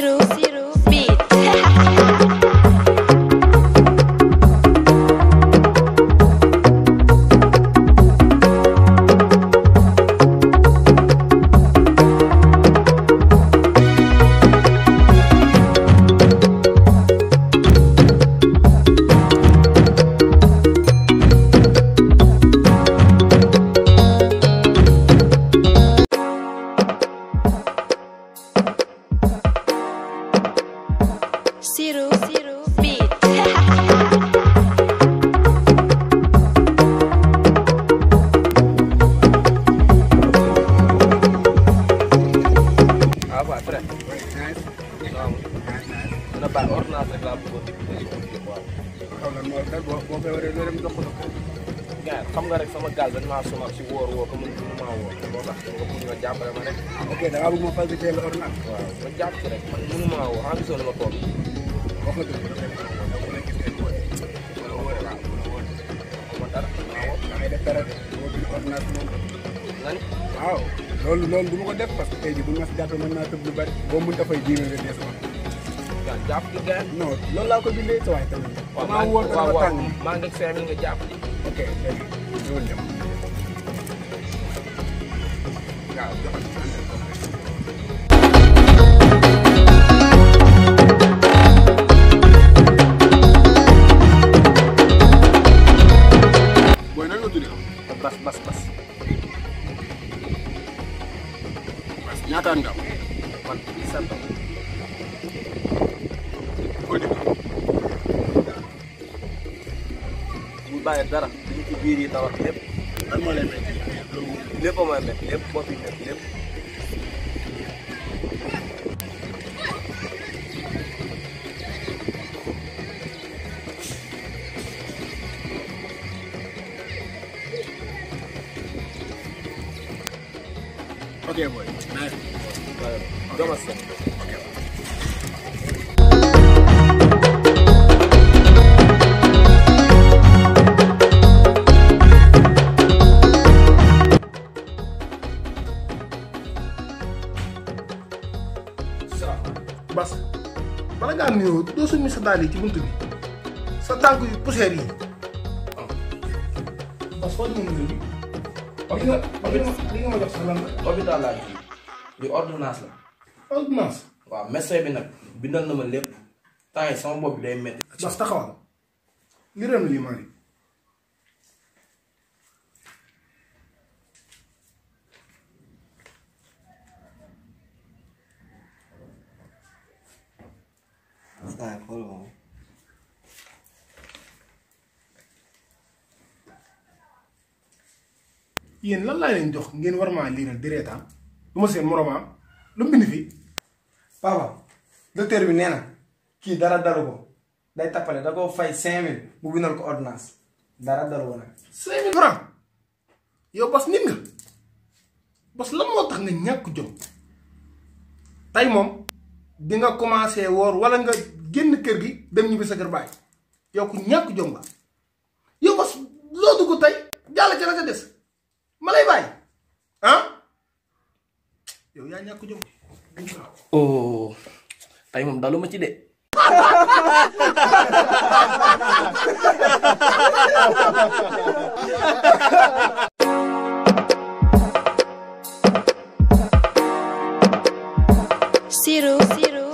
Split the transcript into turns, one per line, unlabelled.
Ciro, Ciro. nice. waaw dina baax ordonnance rek laa bëggoon déglu. waaw xaw na noor kat boo boo feebaree doo dem jox ko gaal xam nga rek sama gaal dañ maa sonal si wóor wóor ko mën maa wóor moo tax nga mën nga jàppale ma rek. ok da ngaa bëgg ma facilité la ordonnance. waaw ma jàpp ci rek man mënu maa wóor xam nga ma tool wax nga dëgg dara. waaw da ngay def dara de. ordonnance moom. lan waaw. loolu loolu du ma ko def parce que tey jii bu ñu ma si naa tëb lu bari boo mun dafay ji nga dee sama. waaw jàpp loolu laa ko bindee sa waay tamit. waaw maa nga jàpp ci. ok léegi loolu dem. man sa taw ñu bàyyi dara dañu ci biir yi tabax lépp lan moo leen metti lépp a may metti lépp moo boy. Nice. Bye. Namaste. bas bala ngaa nuyoo doo summi sa daal yi ci bunt bi sa tànk yu poussière yi ah. bas foo ñu mën a li nga li nga ma jox sa lan la hôpital laa di ordonnance la ordonnance. waaw médecin bi nag bindal na ma lépp temps yi sama bopp day métti. bas taxawal li ren lii mooy. waaw xool moom. yéen lan laa leen jox ngeen war maa liiral di reetaan du ma seen moromaa lu mu bind fii. Papa, docteur bi nee na kii dara dalu ko day tappale da koo fay 5000 mu bindal ko ordonnance dara dalu ko nag. 5000 francs yow bas nit nga bas lan moo tax nga ñàkk jom tey moom di nga commencé woor wala nga génn kër gi dem ñibbi sa kër bàyyi yow ku ñàkk jom la yow bas lo dugg tey jàll ca la ca ah yow yaa iya, ñàkk jom oh tey moom daluma ci de Siru, Siru.